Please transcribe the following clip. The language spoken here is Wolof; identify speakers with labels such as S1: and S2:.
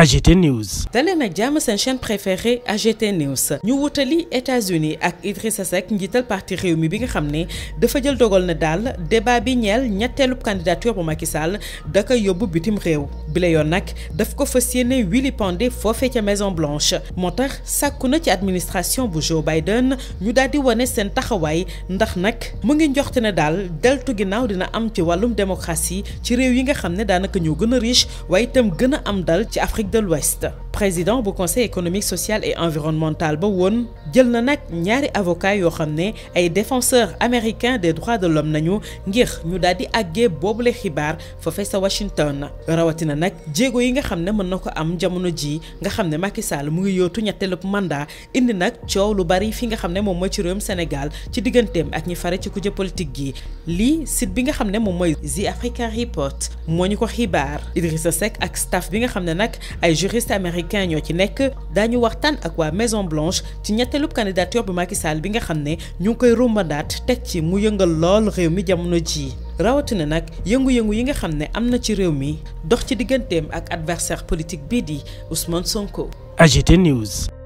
S1: AGT News.
S2: daleen ak jàmm seen chaîne préférée AGT News ñu wutali États-Unis ak Idrissa Seck njiital parti réew mi bi nga xam ne dafa jël dogal na daal débat bi ñeel ñetteelu candidature bu Macky Sall da koy yóbbu bitim réew bi la yoon nag daf ko fas yéene Willy Pandé foofee ca Maison Blanche moo tax sàkku na ci administration bu Joe Biden ñu daal di wane seen taxawaay ndax nag mu ngi njoxte ne daal deltu ginnaaw dina am ci wàllum démocratie ci réew yi nga xam ne daanaka ñoo gën a riche de l'Ouest. président bu conseil économique social et environnemental ba woon jël na nag ñaari avocat yoo xam ne ay défenseurs américains des droits de l'homme nañu ngir ñu daal di boobu boobule xibaar foofee sa Washington rawatina nag jéego yi nga xam ne mën na ko am jamono ji nga xam ne Macky Sall mu ngi yootu ñetteelu mandat indi nag coow lu bari fi nga xam ne moom mooy ci réewum Sénégal ci digganteem ak ñi fare ci kujje politique gi lii site bi nga xam ne moom mooy The Africa Report moo ñu ko xibaar Idrissa Seck ak staff bi nga xam ne nag ay juristes américains républicain ñoo ci nekk daañu waxtaan ak waa Maison Blanche ci ñetteelub candidature bu Macky Sall bi nga xam ne ñu ngi koy rombandaat teg ci mu yëngal lool réew mi jamono jii. rawatina nag yëngu-yëngu yi nga xam ne am na ci réew mi dox ci digganteem ak adversaire politique bii di Ousmane Sonko.
S1: AGT News.